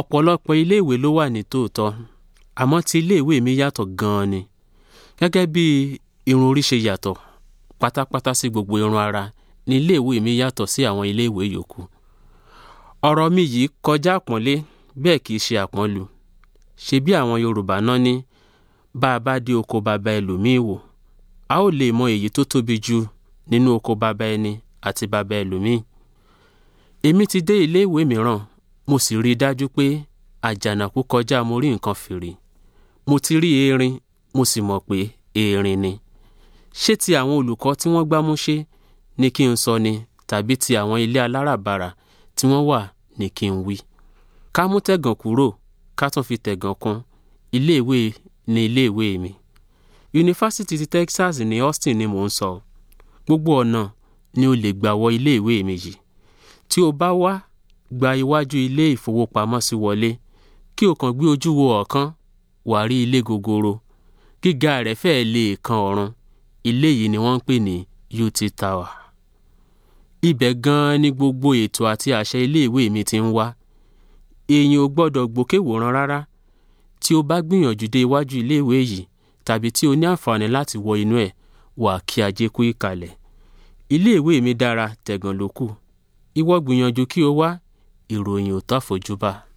ọ̀pọ̀lọpọ̀ iléèwé ló wà ní àmọ́ ti iléèwé mi yàtọ̀ gan-an ni gẹ́gẹ́ bí irun orí ṣe yàtọ̀ pátápátá sí gbogbo irun ara ní iléèwé mi yàtọ̀ sí àwọn iléèwé yòókù ọ̀rọ̀ mi yìí kọjá àpọ́nlé bẹ́ẹ̀ kì í ṣe àpọ́nlù ṣe bí àwọn Yorùbá náà ní bá a bá dé oko bàbá ẹlòmíì wò a ó lè mọ èyí tó tóbi jù nínú oko bàbá ẹni àti bàbá ẹlòmíì èmi ti dé iléèwé mìíràn mo sì rí i dájú pé àjànàkú kọjá mo rí nǹkan fìrí mo ti rí erin mo sì mọ̀ pé erin ni ṣé ti àwọn olùkọ́ tí wọ́n gbámúṣé ni kí n sọ ni tàbí ti àwọn ilé aláràbarà tí wọ́n wà ni kí n wí ká mú tẹ̀gàn kúrò ká tún fi tẹ̀gàn kún iléèwé ni iléèwé mi yunifásitì ti Texas ní Austin ni mò ń sọ gbogbo ọ̀nà ni o lè gbà wọ iléèwé mi yìí tí o bá wá gba iwájú ilé ìfowópamọ́sí wọlé kí o kàn gbé ojú wo ọ̀ọ́kán wàá rí ilé gogoro gíga rẹ̀ fẹ́ẹ́ lè kan ọ̀run ilé yìí ni wọ́n ń pè ní UT Tower ibẹ̀ gan-an ni gbogbo ètò àti àṣẹ iléèwé mi ti ń wá èèyàn ò gbọ́dọ̀ gbòkèwòrán rárá tí o bá gbìyànjú dé iwájú iléèwé yìí tàbí tí o ní àǹfààní láti wọ inú ẹ̀ wà kí ajé kú ìkàlẹ̀ iléèwé mi dára tẹ̀gàn ló ìwọ gbìyànjú kí o wá ìròyìn ò tó àfojúbà